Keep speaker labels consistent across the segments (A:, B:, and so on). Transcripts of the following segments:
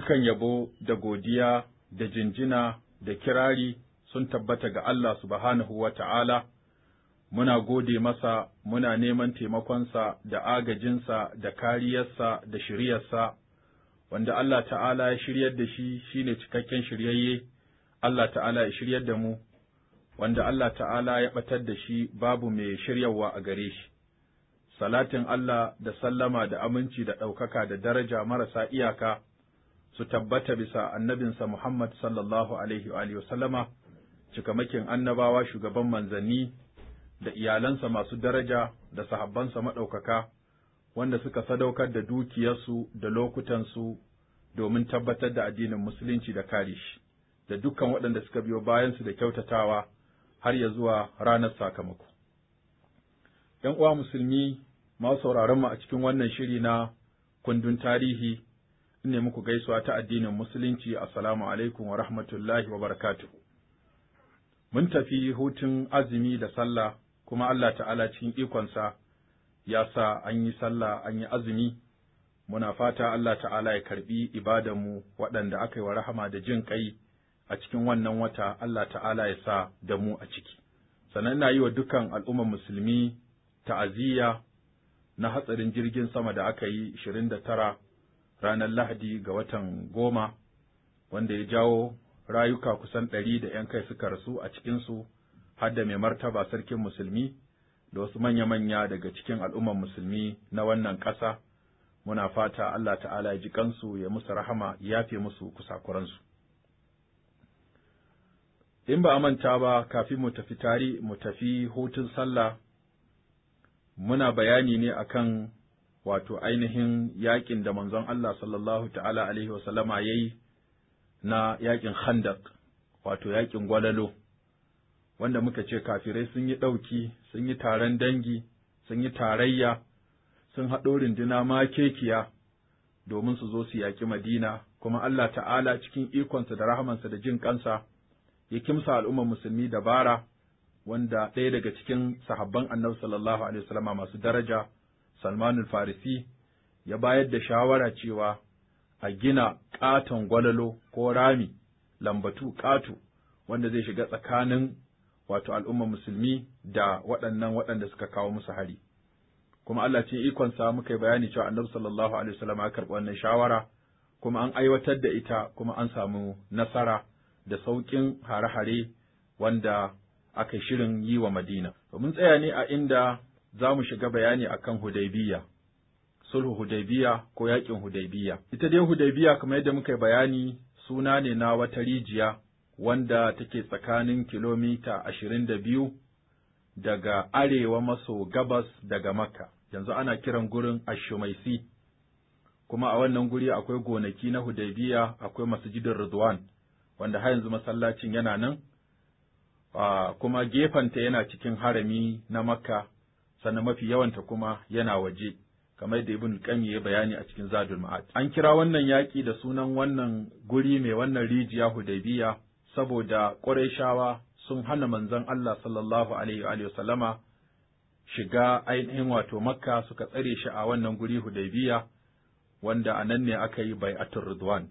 A: dukan yabo da godiya da jinjina da kirari sun tabbata ga Allah subhanahu wa ta'ala, muna gode masa, muna neman taimakonsa da agajinsa da kariyarsa da shiryarsa, wanda Allah ta'ala ya shiryar da shi shi ne cikakken shiryayye, Allah ta'ala ya shiryar da mu, wanda Allah ta'ala ya ɓatar da shi babu mai shiryawa a gare shi. Salatin Allah da sallama da aminci da ɗaukaka da daraja marasa iyaka. su tabbata bisa annabinsa Muhammad sallallahu alaihi wa cikamakin annabawa shugaban manzanni da iyalansa masu daraja da sahabbansa maɗaukaka wanda suka sadaukar da dukiyarsu da lokutansu domin tabbatar da addinin musulunci da kare shi da dukkan waɗanda suka biyo bayansu da kyautatawa har ya zuwa ranar sakamako. ‘Yan uwa musulmi masu sauraron mu a cikin wannan shiri na kundin tarihi ne muku gaisuwa ta addinin musulunci assalamu alaikum wa rahmatullahi wa barakatuhu mun tafi hutun azumi da sallah kuma Allah ta'ala cikin ikonsa ya sa an yi sallah an yi azumi muna fata Allah ta'ala ya karbi ibadanmu waɗanda aka yi wa rahama da jin kai a cikin wannan wata Allah ta'ala ya sa da mu a ciki sannan ina yi wa dukkan al'ummar musulmi ta'aziyya na hatsarin jirgin sama da aka yi 29 ranar Lahadi ga watan goma, wanda ya jawo rayuka kusan ɗari da ’yan kai suka rasu a cikinsu, har da mai martaba sarkin musulmi da wasu manya-manya daga cikin al'umman musulmi na wannan ƙasa, muna fata Allah ta'ala ya ji kansu ya musu rahama ya yafe musu kusakuransu. In ba a manta ba kafin mu tafi tari mu tafi hutun sallah muna bayani ne akan wato ainihin yaƙin da manzon Allah sallallahu ta'ala alaihi wasallama ya yi na yaƙin Khandaq, wato yaƙin gwalalo, wanda muka ce kafirai sun yi ɗauki, sun yi taron dangi, sun yi tarayya, sun haɗo ma kekiya, domin su zo su yaƙi Madina, kuma Allah ta'ala cikin ikonsa da rahamansa da jin kansa, ya kimsa al'ummar musulmi dabara, wanda ɗaya daga cikin sahabban annabi sallallahu alaihi wasallama masu daraja, Salmanul Farisi ya bayar da shawara cewa a gina ƙaton gwalalo ko rami lambatu ƙato wanda zai shiga tsakanin wato al'umma musulmi da waɗannan waɗanda suka kawo musu hari. Kuma Allah ce ikonsa muka yi bayani cewa annabi sallallahu alaihi wasallam ya karɓi wannan shawara kuma an aiwatar da ita kuma an samu nasara da sauƙin hare-hare wanda aka shirin yi wa Madina. mun tsaya ne a inda za mu shiga bayani a kan Hudaibiya, sulhu Hudaybiya ko yaƙin Hudaibiya. Ita dai Hudaybiya kamar yadda muka yi bayani suna ne na wata rijiya wanda take tsakanin kilomita ashirin da biyu daga arewa maso gabas daga Makka. Yanzu ana kiran gurin Ashumaisi, kuma a wannan guri akwai gonaki na Hudaybiya akwai masjidin Ridwan, wanda har yanzu masallacin yana nan, kuma gefenta yana cikin harami na Makka sannan mafi yawanta kuma yana waje kamar yadda ibn qayyim ya bayani a cikin zadul ma'ad an kira wannan yaki da sunan wannan guri mai wannan rijiya hudaybiya saboda qurayshawa sun hana manzon Allah sallallahu alaihi wa sallama shiga ainihin wato makka suka tsare shi a wannan guri hudaybiya wanda a nan ne aka yi bai'atul ridwan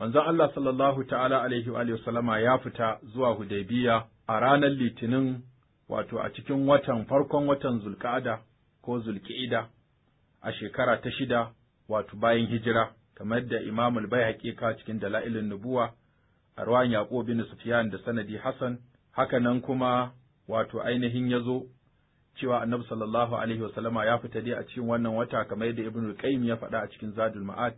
A: manzon Allah sallallahu ta'ala alaihi wa sallama ya fita zuwa hudaybiya a ranar litinin wato a cikin watan farkon watan Zulka'ada ko Zulki'ida a shekara ta shida wato bayan hijira, kamar da Imam bai baihaqi cikin Dala'ilin Nubuwa a ruwan Yaƙo bin Sufyan da sanadi Hassan, haka nan kuma wato ainihin ya zo cewa Annabi sallallahu alaihi wasallama ya fita dai a cikin wannan wata kamar da Ibn Qayyim ya faɗa a cikin Zadul Ma'ad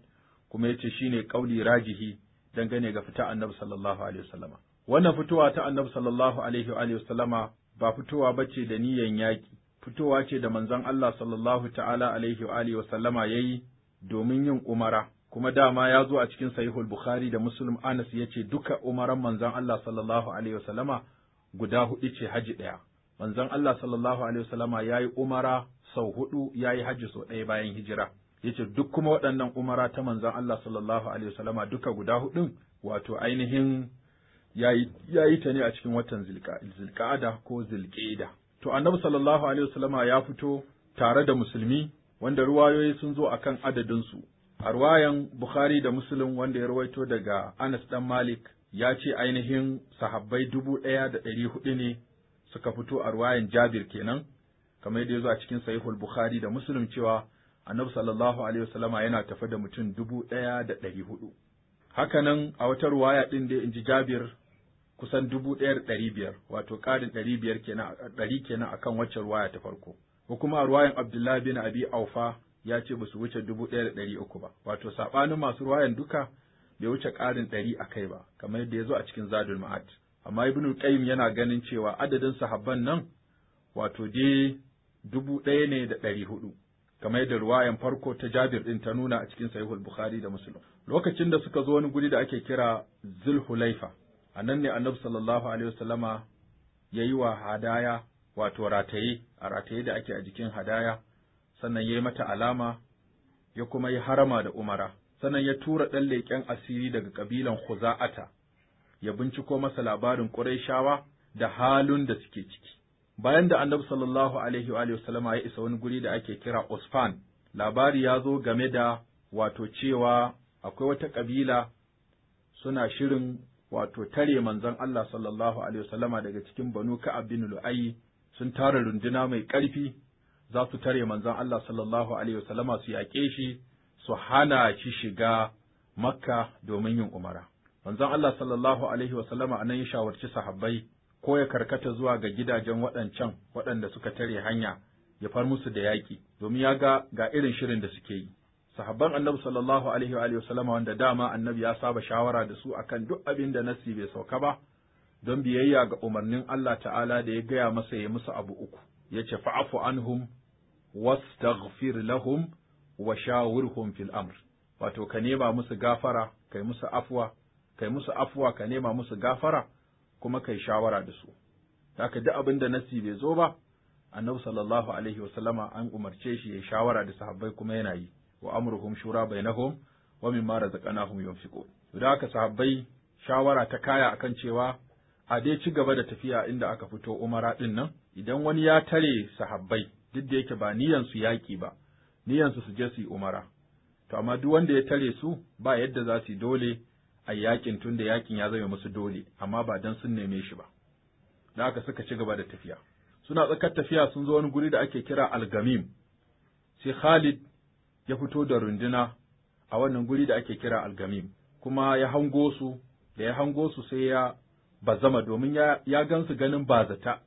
A: kuma yace shine kauli rajihi dangane ga fita Annabi sallallahu alaihi wasallama. Wannan fitowa ta Annabi sallallahu alaihi wa ba fitowa ba ce da niyan yaƙi, fitowa ce da manzon Allah sallallahu ta'ala alaihi wa alihi wa ya yi domin yin umara, kuma dama ya zo a cikin sahihul Bukhari da Muslim Anas ya ce duka umaran manzon Allah sallallahu alaihi sallama guda huɗu ce haji ɗaya. Manzon Allah sallallahu alaihi ya yi umara sau huɗu ya yi haji sau ɗaya bayan hijira. yace duk kuma waɗannan umara ta manzon Allah sallallahu alaihi sallama duka guda huɗun wato ainihin ya yi ta ne a cikin watan zilƙada ko zilƙeda. To annabi sallallahu alaihi wasallama ya fito tare da musulmi wanda ruwayoyi sun zo akan adadinsu. A ruwayan Bukhari da Musulun wanda ya rawaito daga Anas ɗan Malik ya ce ainihin sahabbai dubu ɗaya da ɗari huɗu ne suka fito a ruwayan Jabir kenan, kamar yadda ya zo a cikin Sahihul Bukhari da Musulun cewa Annabi sallallahu alaihi wasallama yana tafe da mutum dubu ɗaya da ɗari huɗu. hakanan a wata ruwaya ɗin da in ji Jabir kusan dubu ɗari biyar wato ƙarin ɗari biyar kenan ɗari kenan akan wacce ruwaya ta farko ko kuma a ruwayan Abdullahi bin Abi Aufa ya ce ba su wuce dubu ɗaya da ɗari uku ba wato saɓanin masu ruwayan duka bai wuce ƙarin ɗari a kai ba kamar yadda ya zo a cikin Zadul Ma'ad amma Ibn Qayyim yana ganin cewa adadin sahabban nan wato dai dubu ɗaya ne da ɗari hudu. kamar yadda ruwayan farko ta Jabir din ta nuna a cikin Sahihul Bukhari da Muslim. Lokacin da suka zo wani guri da ake kira Zulhulaifa, a nan ne Annabi sallallahu alaihi wasallama ya yi wa hadaya wato rataye, a rataye da ake a jikin hadaya, sannan ya mata alama ya kuma yi harama da umara, sannan ya tura ɗan leƙen asiri daga ƙabilan Khuza'ata, ya binciko masa labarin Quraishawa da halin da suke ciki. bayan da annabi sallallahu alaihi wa sallama ya isa wani guri da ake kira Usfan labari ya zo game da wato cewa akwai wata kabila suna shirin wato tare manzon Allah sallallahu alaihi wa sallama daga cikin Banu Ka'ab bin sun tara runduna mai ƙarfi za su tare manzon Allah sallallahu alaihi wa sallama su yaƙe shi su hana shi shiga Makka domin yin umara. Manzon Allah sallallahu alaihi wa sallama anan ya shawarci sahabbai ko ya karkata zuwa ga gidajen waɗancan waɗanda suka tare hanya ya far musu da yaƙi domin ya ga ga irin shirin da suke yi sahabban annabi sallallahu alaihi wa alihi wasallama wanda dama annabi ya saba shawara da su akan duk abin da nasi bai sauka ba don biyayya ga umarnin Allah ta'ala da ya gaya masa ya musu abu uku ya ce fa'afu anhum wastaghfir lahum wa shawirhum fil amr wato ka nema musu gafara kai musu afwa kai musu afwa ka nema musu gafara kuma kai shawara da su haka duk abin da nasi bai zo ba annabi sallallahu alaihi wasallama an umarce shi ya shawara da sahabbai kuma yana yi wa amruhum shura bainahum wa mimma razaqnahum yunfiqun da haka sahabbai shawara ta kaya akan cewa a dai ci gaba da tafiya inda aka fito umara din nan idan wani ya tare sahabbai duk da yake ba niyan su yaƙi ba niyan su su je su yi umara to amma duk wanda ya tare su ba yadda za su yi dole a yakin tunda yakin ya zama musu dole amma ba dan sun neme shi ba da haka suka ci gaba da tafiya suna tsakar tafiya sun zo wani guri da ake kira algamim sai Khalid ya fito da runduna a wannan guri da ake kira algamim kuma ya hango su da ya hango su sai ya bazama domin ya, ya gansu ganin bazata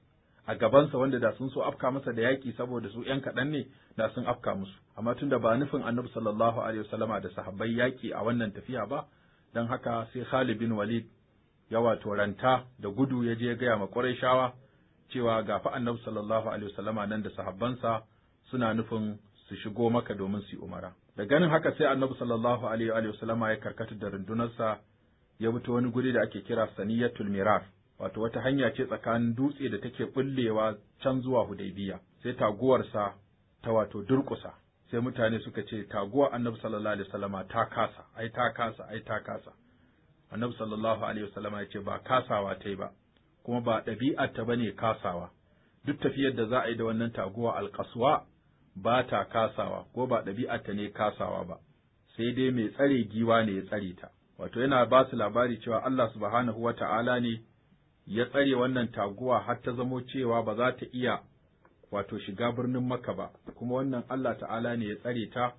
A: a gabansa wanda da sun so afka masa da yaƙi saboda su ‘yan kaɗan ne da sun afka musu, amma tunda ba nufin annabi sallallahu alaihi wasallama da sahabbai yaƙi a wannan tafiya ba, don haka sai Khalid bin Walid ya wato ranta da gudu ya je gaya ma Qurayshawa cewa ga fa Annabi sallallahu alaihi wasallama nan da sahabbansa suna nufin su shigo maka domin su umara da ganin haka sai Annabi sallallahu alaihi wasallama ya karkata da rundunarsa ya fito wani guri da ake kira Saniyatul Mirar wato wata hanya ce tsakanin dutse da take bullewa can zuwa Hudaybiya sai taguwarsa ta wato durƙusa sai mutane suka ce taguwa annabi sallallahu alaihi wasallama ta kasa ai ta kasa ai ta kasa annabi sallallahu alaihi wasallama ya ce ba kasawa ta yi ba kuma ba ɗabi'ar ta bane kasawa duk tafiyar da za a yi da wannan taguwa alkasuwa ba ta kasawa ko ba ɗabi'ar ta ne kasawa ba sai dai mai tsare giwa ne ya tsare ta wato yana ba su labari cewa Allah subhanahu wata'ala ne ya tsare wannan taguwa har ta zamo cewa ba za ta iya wato shiga birnin Makka ba kuma wannan Allah ta'ala ne ya tsare ta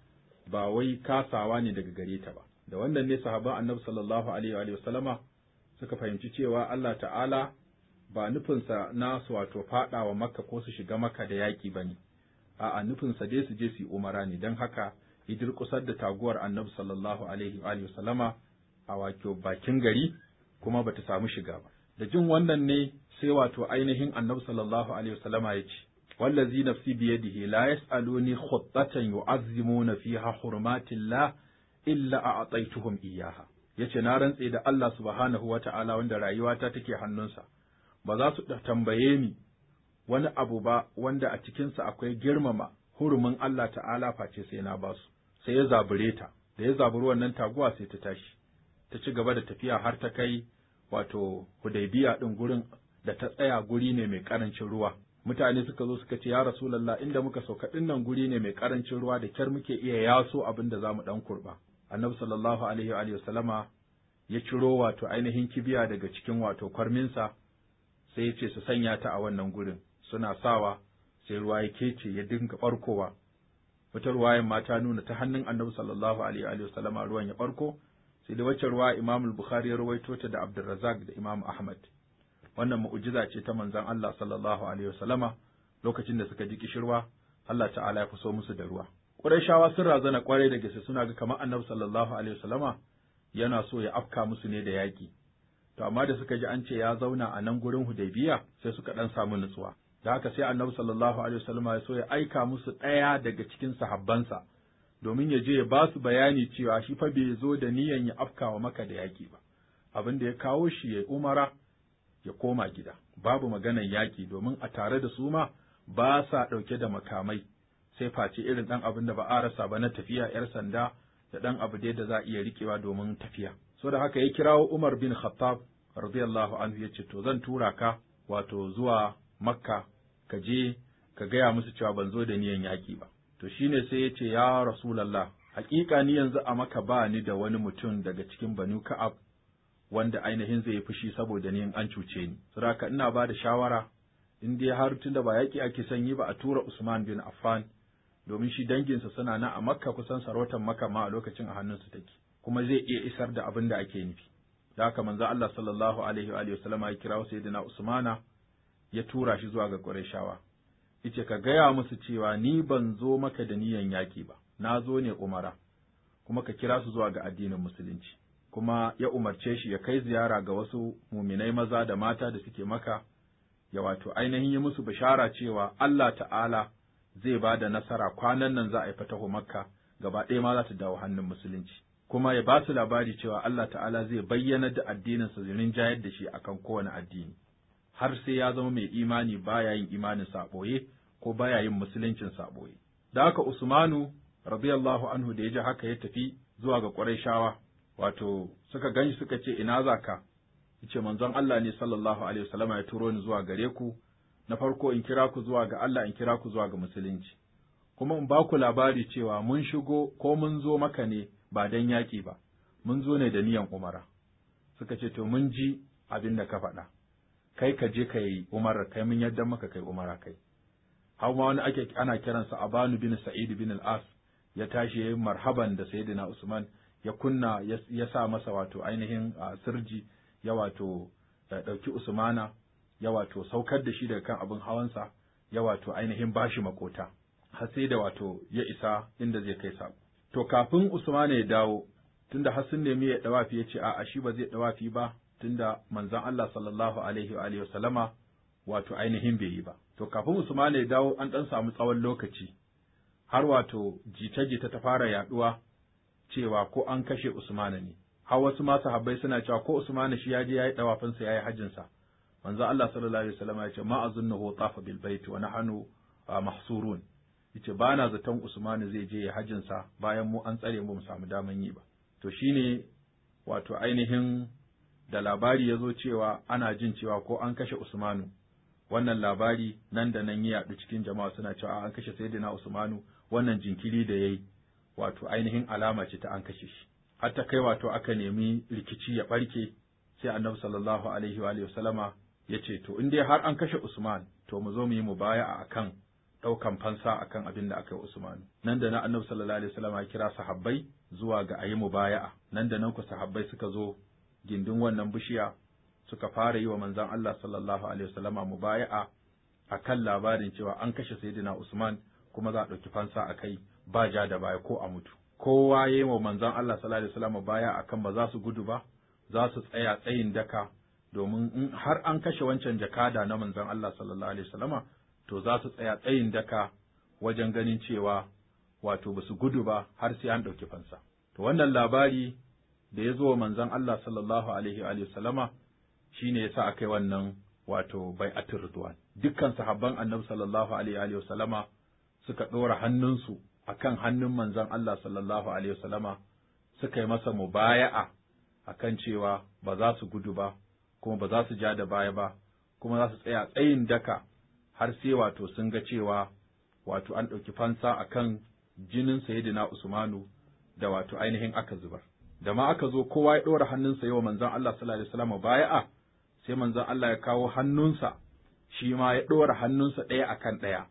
A: ba wai kasawa ne daga gare ta ba da wannan ne sahabban Annabi sallallahu alaihi wa sallama suka fahimci cewa Allah ta'ala ba nufinsa na su wato wa Makka ko su shiga Makka da yaƙi ba ne a'a nufinsa dai su je su yi umara ne don haka idir kusar da taguwar Annabi sallallahu alaihi wa sallama a wato bakin gari kuma bata samu shiga ba da jin wannan ne sai wato ainihin Annabi sallallahu alaihi wa sallama ya ce wallazi nafsi biyadihi la yas'aluni khuttatan yu'azzimuna fiha hurumatillah illa a'taituhum iyyaha yace na rantse da Allah subhanahu wata'ala wanda rayuwata take hannunsa ba za su tambaye ni wani abu ba wanda a cikinsa akwai girmama hurumin Allah ta'ala face sai na basu sai ya zabure ta da ya zaburi wannan taguwa sai ta tashi ta ci gaba da tafiya har ta kai wato hudaibiya ɗin gurin da ta tsaya guri ne mai karancin ruwa mutane suka zo suka ce ya rasulallah inda muka sauka dinnan guri ne mai karancin ruwa da kyar muke iya yaso abin da zamu dan kurba annabi sallallahu alaihi wa sallama ya ciro wato ainihin kibiya daga cikin wato kwarminsa sai ya ce su sanya ta a wannan gurin suna sawa sai ruwa ya kece ya dinga barkowa wata ruwayan ma ta nuna ta hannun annabi sallallahu alaihi wa sallama ruwan ya barko sai da wacce ruwa Imamul Bukhari ya rawaito ta da Abdurrazzaq da Imam Ahmad wannan mu'ujiza ce ta manzon Allah sallallahu alaihi wasallama lokacin da suka ji kishirwa Allah ta'ala ya kuso musu da ruwa Qurayshawa sun razana kwarai da gaske suna ga kamar Annabi sallallahu alaihi wasallama yana so ya afka musu ne da yaƙi to amma da suka ji an ce ya zauna a nan gurin Hudaybiya sai suka dan samu nutsuwa da haka sai Annabi sallallahu alaihi wasallama ya so ya aika musu ɗaya daga cikin sahabbansa domin ya je ya ba su bayani cewa shi fa bai zo da niyan ya afkawa maka da yaki ba abin da ya kawo shi ya umara ya koma gida babu maganar yaƙi domin a tare da su ma ba sa ɗauke da makamai sai face irin ɗan abin da ba a rasa ba na tafiya ‘yar sanda da ɗan abu dai da za a iya riƙewa domin tafiya. So da haka ya kirawo Umar bin Khattab radiyallahu anhu ya ce to zan tura ka wato zuwa Makka ka je ka gaya musu cewa ban zo da niyan yaƙi ba. To shine sai ya ce ya Rasulallah haƙiƙa ni yanzu a maka ba ni da wani mutum daga cikin Banu Ka'ab wanda ainihin zai yi fushi saboda ni in an cuce ni ka ina ba da shawara in dai har tunda ba yaki ake son yi ba a tura Usman bin Affan domin shi danginsa suna nan a Makka kusan sarautar Makka ma a lokacin a hannunsu take kuma zai iya isar da abin da ake nufi da haka manzo Allah sallallahu alaihi wa wasallama ya kira sayyidina Usmana ya tura shi zuwa ga Qurayshawa yace ka gaya musu cewa ni ban zo maka da niyan yaki ba na zo ne umara kuma ka kira su zuwa ga addinin musulunci kuma ya umarce shi ya kai ziyara ga wasu muminai maza da mata da suke maka, ya wato ainihin ya musu bishara cewa Allah ta'ala zai ba da nasara kwanan nan za a yi fataho makka gaba ɗaya ma za ta dawo hannun musulunci. Kuma ya ba su labari cewa Allah ta'ala zai bayyana da addinin addininsa zirin jayar da shi akan kowane addini. Har sai ya zama mai imani baya yin imanin saɓoye ko baya yin musuluncin saɓoye. Da haka Usmanu radiyallahu anhu da ya ji haka ya tafi zuwa ga Qurayshawa wato suka ganshi suka ce ina za ka yace manzon Allah ne sallallahu alaihi wasallama ya turo ni zuwa gare ku na farko in kira ku zuwa ga Allah in kira ku zuwa ga musulunci kuma in ba ku labari cewa mun shigo ko mun zo maka ne ba dan yaƙi ba mun zo ne da niyan umara suka ce to mun ji abin da ka faɗa kai ka je ka yi umara kai mun yadda maka kai umara kai har ma wani ake ana kiransa Abanu bin Sa'id bin Al-As ya tashi marhaban da Sayyidina Usman ya kunna ya sa masa wato ainihin sirji ya wato ɗauki usmana ya wato saukar da shi daga kan abin hawansa ya wato ainihin bashi makota har sai da wato ya isa inda zai kai sa. to kafin usmana ya dawo tunda har sun nemi ya dawafi ya ce a'a shi ba zai dawafi ba tunda manzon Allah sallallahu alaihi wa alihi wasallama wato ainihin bai yi ba to kafin usmana ya dawo an dan samu tsawon lokaci har wato jita-jita ta fara yaduwa cewa ko an kashe Usmana ne har wasu masu habbai suna cewa ko Usmana shi ya je ya yi ɗawafinsa ya yi hajjinsa. manzo Allah sallallahu alaihi wasallam ya ce ma azunnahu tafa bil wani wa ba ah, mahsurun ce, ba na zaton Usmana zai je ya yi bayan mu an tsare mu mu samu daman yi ba to shi ne wato ainihin da labari ya zo cewa ana jin cewa ko an kashe Usmanu wannan labari nan da nan ya yaɗu cikin jama'a suna cewa an kashe Sayyidina Usmanu wannan jinkiri da ya yi. wato ainihin alama ce ta an kashe shi har ta kai wato aka nemi rikici ya barke sai annabi sallallahu alaihi wa alihi wasallama ya ce to in dai har an kashe Usman to mu zo mu yi mubaya'a akan ɗaukan fansa akan abin da aka yi Usman nan da nan annabi sallallahu alaihi wasallama ya kira sahabbai zuwa ga ayi mubaya'a nan da nan ku sahabbai suka zo gindin wannan bishiya suka fara yi wa manzon Allah sallallahu alaihi wasallama mubaya'a akan labarin cewa an kashe sayyidina Usman kuma za a ɗauki fansa a kai ba ja da baya ko a mutu kowa ya yi wa manzon Allah sallallahu alaihi baya akan ba za su gudu ba za su tsaya tsayin daka domin in har an kashe wancan jakada na manzon Allah sallallahu alaihi wasallama to za su tsaya tsayin daka wajen ganin cewa wato ba su gudu ba har sai an ɗauki fansa to wannan labari da ya zo wa manzon Allah sallallahu alaihi wa sallama shine yasa akai wannan wato bai'atul ridwan dukkan sahabban annabi sallallahu alaihi wa sallama suka ɗora hannunsu akan hannun manzon Allah sallallahu alaihi wasallama suka yi masa mubaya'a akan cewa ba za su gudu ba kuma ba za su ja da baya ba kuma za su tsaya tsayin daka har sai wato sun ga cewa wato an ɗauki fansa akan jinin sayyidina Usmanu da wato ainihin aka zubar da ma aka zo kowa ya ɗora hannunsa yawa manzon Allah sallallahu alaihi wasallama baya'a sai manzon Allah ya kawo hannunsa shi ma ya ɗora hannunsa ɗaya akan ɗaya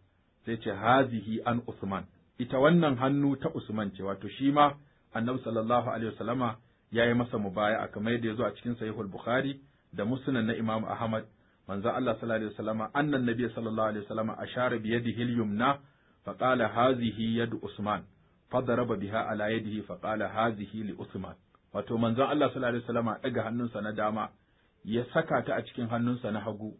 A: sai ce hazihi an Usman ita wannan hannu ta Usman ce wato shi ma Annabi sallallahu alaihi wasallama ya yi masa a kamar yadda ya zo a cikin sahihul Bukhari da musnad na Imam Ahmad manzo Allah sallallahu alaihi wasallama annan nabi sallallahu alaihi wasallama ashara bi yadihi al-yumna fa qala hazihi yadu Usman fadaraba biha ala yadihi fa qala hazihi li Usman wato manzo Allah sallallahu alaihi wasallama daga hannunsa na dama ya saka ta a cikin hannunsa na hagu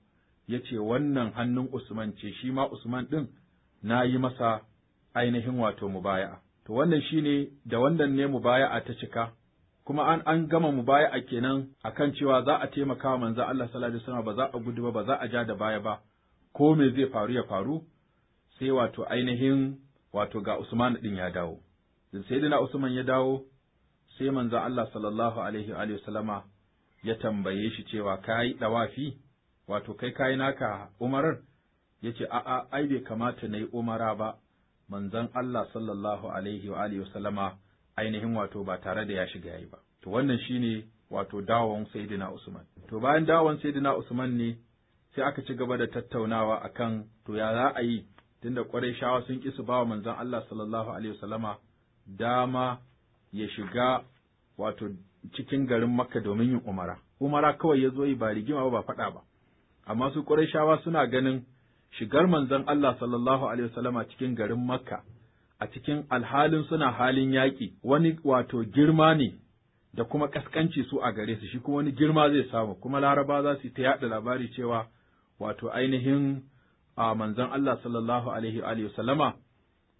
A: ya ce wannan hannun Usman ce shi ma Usman ɗin na yi masa ainihin wato mubaya'a. To wannan shine da wannan ne mubaya'a ta cika, kuma an an gama mubaya'a kenan akan cewa za a taimaka wa manzo Allah sallallahu alaihi wasallam ba za a gudu ba ba za a ja da baya ba. Ko me zai faru ya faru? Sai wato ainihin wato ga Usman din ya dawo. Sayyidina Usman ya dawo sai manzo Allah sallallahu alaihi wa sallama ya tambaye shi cewa kai dawafi wato kai kai naka umarar yace a'a ai bai kamata nayi umara ba manzon Allah sallallahu alaihi wa alihi wasallama ainihin wato ba tare da ya shiga yayi ba to wannan shine wato dawon sayyidina Usman to bayan dawon sayyidina Usman ne sai aka ci gaba da tattaunawa akan to ya za a yi tunda ƙwarai shawa sun ƙi su bawa manzon Allah sallallahu alaihi wasallama dama ya shiga wato cikin garin Makka domin yin umara umara kawai ya zo yi ba rigima ba ba faɗa ba amma su ƙwarai shawa suna ganin shigar manzon Allah sallallahu alaihi wasallama cikin garin Makka a cikin alhalin suna halin yaƙi wani wato girma ne da kuma ƙasƙanci su a gare su shi kuma wani girma zai samu kuma laraba za su ta yaɗa labari cewa wato ainihin a manzon Allah sallallahu alaihi wasallama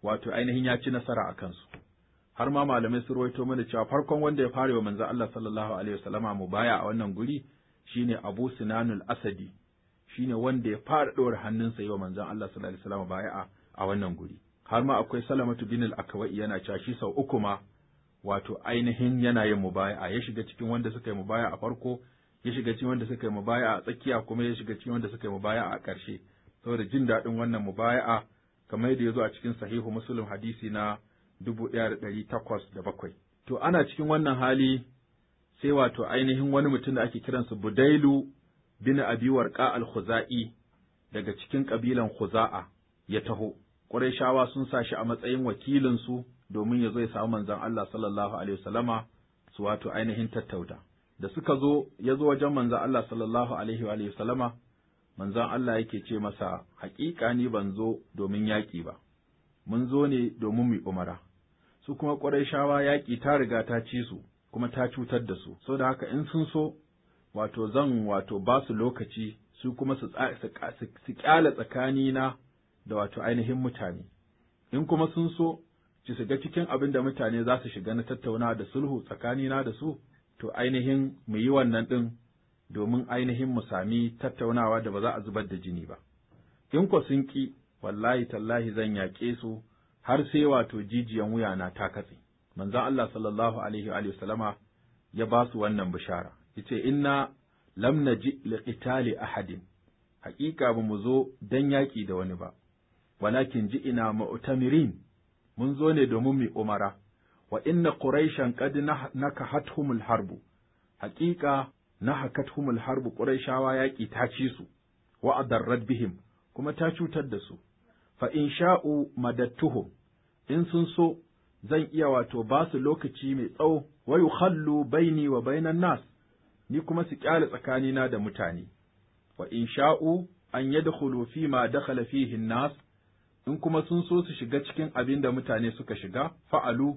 A: wato ainihin ya ci nasara a kansu har ma malamai su rawaito mana cewa farkon wanda ya fara wa manzon Allah sallallahu alaihi wasallama mu baya a wannan guri shine Abu Sinanul Asadi shine wanda ya fara ɗora hannunsa yawa manzon Allah sallallahu alaihi wasallam bai'a a wannan guri har ma akwai Salamatu bin al-Akwa'i yana cashi sau uku ma wato ainihin yana yin mubaya'a ya shiga cikin wanda suka yi mubaya'a a farko ya shiga cikin wanda suka yi mubaya'a a tsakiya kuma ya shiga cikin wanda suka yi mubaya'a a ƙarshe saboda jin daɗin wannan mubaya'a kamar yadda ya zo a cikin sahihu muslim hadisi na dubu ɗaya da ɗari takwas da bakwai. To ana cikin wannan hali sai wato ainihin wani mutum da ake kiransa Budailu bin Abi Warqa al-Khuzai daga cikin ƙabilan Khuza'a ya taho. Qurayshawa sun sa shi a matsayin wakilinsu domin ya zo ya samu manzon Allah sallallahu alaihi wasallama su wato ainihin tattauta. Da suka zo ya zo wajen manzon Allah sallallahu alaihi wa sallama manzon Allah yake ce masa haƙiƙa ni ban zo domin yaƙi ba. Mun zo ne domin mu umara. Su kuma Qurayshawa yaƙi ta riga ta ci su kuma ta cutar da su, so da haka in sun so wato zan wato ba su lokaci su kuma su tsakani tsakanina da wato ainihin mutane, in kuma sun so ci su ga cikin abin da mutane za su shiga na tattauna da sulhu tsakanina da su, to ainihin mu yi wannan ɗin domin ainihin mu sami tattaunawa da ba za a zubar da jini ba. In ko sun ƙi, wallahi tallahi zan yaƙe su har sai wato jijiyan wuya na ta katse. Manzon Allah sallallahu alaihi wa sallama ya ba su wannan bishara. yace inna lam naji liqitali ahadin haƙiƙa ba mu zo dan yaƙi da wani ba walakin ji ina ma'utamirin mun zo ne domin mu umara wa inna quraishan qad nakahathumul harbu haƙiƙa nahakathumul harbu quraishawa yaƙi ta ci su wa adarrat bihim kuma ta cutar da su fa in sha'u madattuhum in sun so zan iya wato ba su lokaci mai tsawo wa yukhallu baini wa bainan nas ni kuma su kyale tsakanina da mutane wa in sha'u an yadkhulu fi ma dakhala fihi nas in kuma sun so su shiga cikin abin da mutane suka shiga fa'alu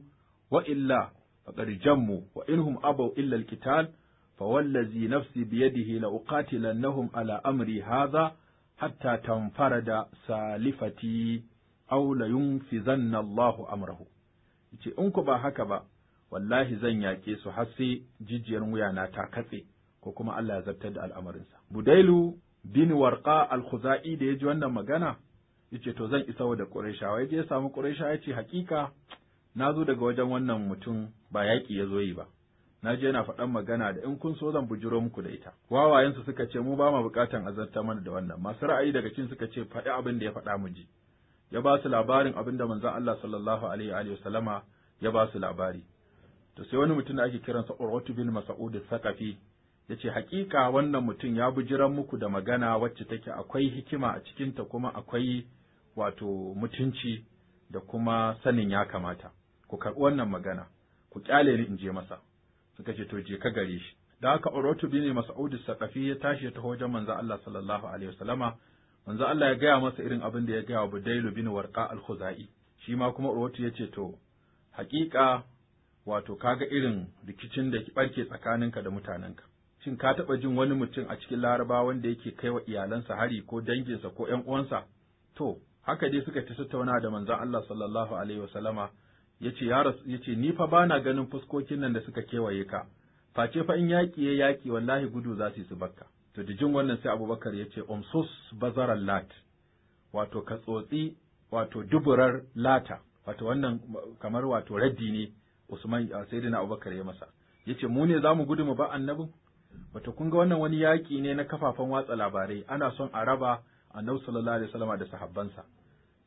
A: wa illa faqad jammu wa inhum abaw illa alqital fawallazi nafsi biyadihi la nahum ala amri hadha hatta tanfarada salifati aw la yunfizanna Allahu amrahu yace in ku ba haka ba wallahi zan yaƙe su har sai jijiyar na ta katse ko kuma Allah ya zartar da al'amarinsa. Budailu bin warqa al-Khuza'i da ya ji wannan magana yace to zan isa da Qurayshawa yaje ya samu Qurayshawa ce haƙiƙa. na zo daga wajen wannan mutum ba yaƙi ya zo yi ba. Na je yana faɗan magana da in kun so zan bujuro muku da ita. Wawayensu suka ce mu ba mu buƙatan azarta mana da wannan. Masu ra'ayi daga cikin suka ce faɗi abin da ya faɗa mu ji. Ya ba su labarin abin da manzon Allah sallallahu alaihi wa sallama ya ba su labari. to sai wani mutum da ake kiransa Urwatu bin Mas'ud Sakafi ya yace hakika wannan mutum ya bujiran muku da magana wacce take akwai hikima a cikinta kuma akwai wato mutunci da kuma sanin ya kamata ku karɓi wannan magana ku kyale ni in je masa suka ce to je ka gare shi da haka Urwatu bin Mas'ud Sakafi ya tashi ya taho wajen manzo Allah sallallahu alaihi wasallama manzo Allah ya gaya masa irin abin da ya gaya wa Budailu bin Warqa al-Khuzai shi ma kuma Urwatu ya ce to haƙiƙa wato kaga irin rikicin da barke tsakaninka da mutanenka. Shin ka taɓa jin wani mutum a cikin laraba wanda yake kai wa iyalansa hari ko danginsa ko ‘yan uwansa? To, haka dai suka ta tattauna da manzon Allah sallallahu alaihi wasallama ya ce, ya ni fa bana ganin fuskokin nan da suka kewaye ka, face fa in yaƙi ya yaƙi wallahi gudu za su yi su bakka. To, da jin wannan sai Abubakar ya ce, Umsus bazaran lat, wato ka tsotsi, wato duburar lata, wato wannan kamar wato raddi ne Usman Sayyidina Abubakar ya masa yace mu ne zamu gudu mu ba annabin wato kun ga wannan wani yaki ne na kafafen watsa labarai ana son a raba annabi sallallahu alaihi wasallam da sahabbansa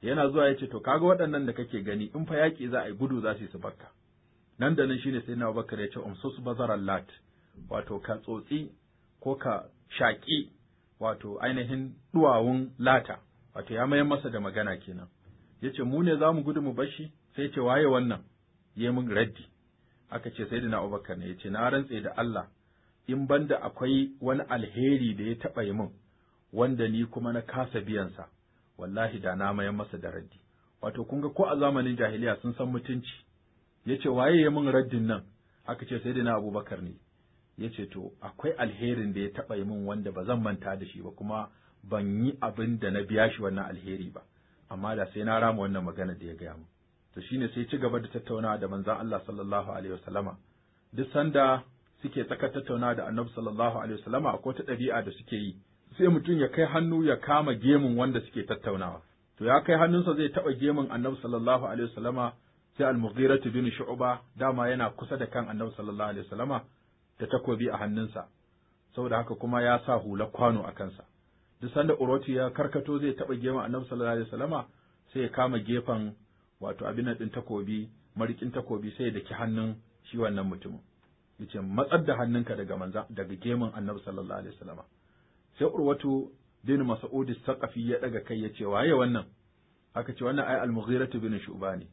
A: yana zuwa yace to kaga waɗannan da kake gani in fa yaki za a yi gudu za su yi su nan da nan shine sai Sayyidina Abubakar ya ce umsus bazaral lat wato ka tsotsi ko ka shaƙi wato ainihin duwawun lata wato ya mayar masa da magana kenan yace mu ne zamu mu gudu mu bashi sai ce waye wannan ya min raddi aka ce sai dina Abubakar ne ya na rantse da Allah in banda akwai wani alheri da ya taɓa yi min wanda ni kuma na kasa biyan sa, wallahi da na mayan masa da raddi wato kun ga ko a zamanin jahiliya sun san mutunci Yace waye ya min raddin nan aka ce sai dina Abubakar ne Yace to akwai alherin da ya taɓa yi min wanda ba zan manta da shi ba kuma ban yi abin da na biya shi wannan alheri ba amma da sai na rama wannan magana da ya gaya min to shine sai ci gaba da tattaunawa da manzon Allah sallallahu alaihi wasallama duk sanda suke tsaka tattaunawa da Annabi sallallahu alaihi wasallama akwai ta ɗabi'a da suke yi sai mutum ya kai hannu ya kama gemun wanda suke tattaunawa to ya kai hannunsa zai taɓa gemun Annabi sallallahu alaihi wasallama sai al-Mughira bin Shu'ba dama yana kusa da kan Annabi sallallahu alaihi wasallama da takobi a hannunsa saboda haka kuma ya sa hula kwano a kansa duk sanda Urwatu ya karkato zai taɓa gemun Annabi sallallahu alaihi wasallama sai ya kama gefen wato abin din takobi marikin takobi sai da ki hannun shi wannan mutumin yace matsar da hannunka daga manza daga gemun, annabi sallallahu alaihi wasallam sai urwatu bin mas'ud saqafi ya daga kai yace waye wannan aka ce wannan ai al-mughiratu bin shu'ba ne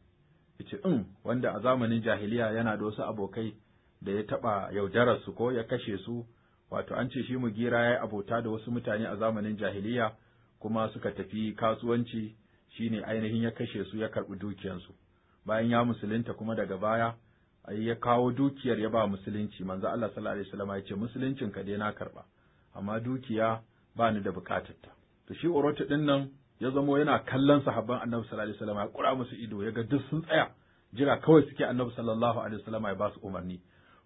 A: yace in mm, wanda a zamanin jahiliya yana da wasu abokai da ya taba yaudarar su ko ya kashe su wato an ce shi mugira yayi abota da wasu mutane a zamanin jahiliya kuma suka tafi kasuwanci shine ainihin ya kashe su ya karɓi dukiyansu bayan ya musulunta kuma daga baya ya kawo dukiyar ya ba musulunci manzo Allah sallallahu alaihi wasallam ya ce musuluncin ka dai na karba amma dukiya ba ni da bukatarta to shi urutu din nan ya zamo yana kallon sahabban annabi sallallahu alaihi wasallam ya kura musu ido ya ga duk sun tsaya jira kawai suke annabi sallallahu alaihi wasallam ya ba su umarni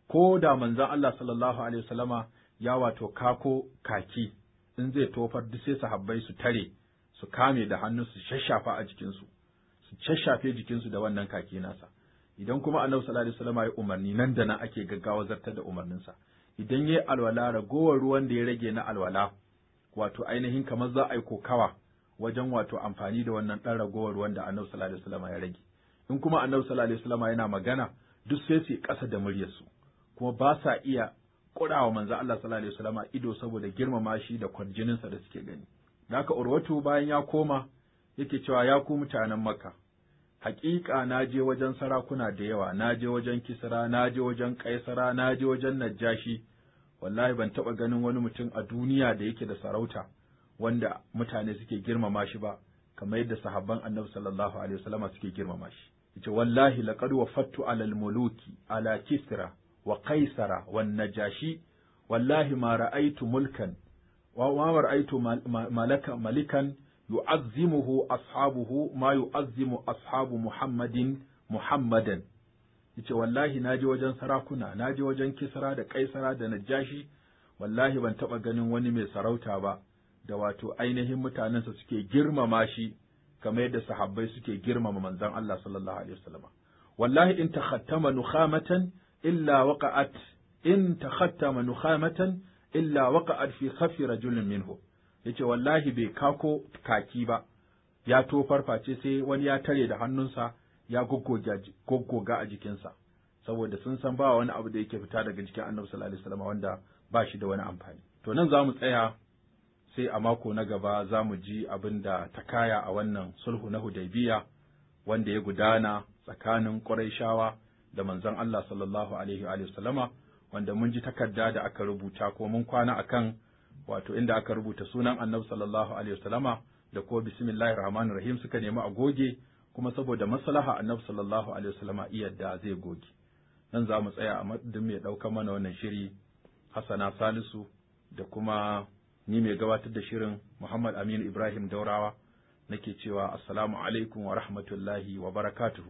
A: ko da manzo Allah sallallahu alaihi wasallam ya wato kako kaki in zai tofar duk sai sahabbai su tare su kame da hannu su shashafa a jikinsu su shashafe jikinsu da wannan kaki nasa idan kuma annabi sallallahu alaihi wasallam ya umarni nan da nan ake gaggawa zartar da sa idan yayi alwala ragowar ruwan da ya rage na alwala wato ainihin kamar za a yi kokawa wajen wato amfani da wannan dan ragowar ruwan da annabi sallallahu alaihi wasallam ya rage in kuma annabi sallallahu alaihi wasallam yana magana duk sai su ƙasa da muryarsu kuma ba sa iya ƙurawa manzo Allah sallallahu alaihi wasallam ido saboda girmama shi da sa da suke gani Naka Urwatu bayan ya koma yake cewa ya ku mutanen Makka, haƙiƙa na je wajen sarakuna da yawa, na je wajen Kisra, na je wajen Kaisara, na je wajen Najashi. wallahi ban taɓa ganin wani mutum a duniya da yake da sarauta wanda mutane suke girmama shi ba, kamar yadda sahabban Annabi sallallahu alaihi wasallama suke girmama shi. Yace wallahi laqad wafattu alal muluki ala Kisra wa Kaisara wan Najashi wallahi ma ra'aytu mulkan Aitu ra'aitu malikan yu'azzimuhu ashabuhu ma yu'azzimu ashabu Muhammadin Muhammadan yace wallahi naje wajen sarakuna naje wajen Kisra da Kaisara da Najashi wallahi ban taɓa ganin wani mai sarauta ba da wato ainihin mutanensa suke girmama shi kamar yadda sahabbai suke girmama manzon Allah sallallahu alaihi wasallam wallahi in takhattama nukhamatan illa waqa'at in takhattama nukhamatan illa waqa'at fi khaffi rajulin minhu ce wallahi bai kako kaki ba ya to farface sai wani ya tare da hannunsa ya goggoga a jikinsa saboda sun san ba wani abu da yake fita daga jikin annabi sallallahu alaihi wasallam wanda ba shi da wani amfani to nan zamu tsaya sai a mako na gaba zamu ji abin da ta kaya a wannan sulhu na hudaybiya wanda ya gudana tsakanin shawa da manzon Allah sallallahu alaihi wa sallama wanda mun ji takarda da aka rubuta ko mun kwana a kan wato inda aka rubuta sunan Annabi sallallahu alaihi wasallama da ko bismillahir rahmanir rahim suka nemi a goge kuma saboda maslaha Annabi sallallahu alaihi wasallama iyadda zai goge nan za mu tsaya a madadin mai dauka mana wannan shiri Hassana Salisu da kuma ni mai gabatar da shirin Muhammad Aminu Ibrahim Daurawa nake cewa assalamu alaikum wa rahmatullahi wa barakatuhu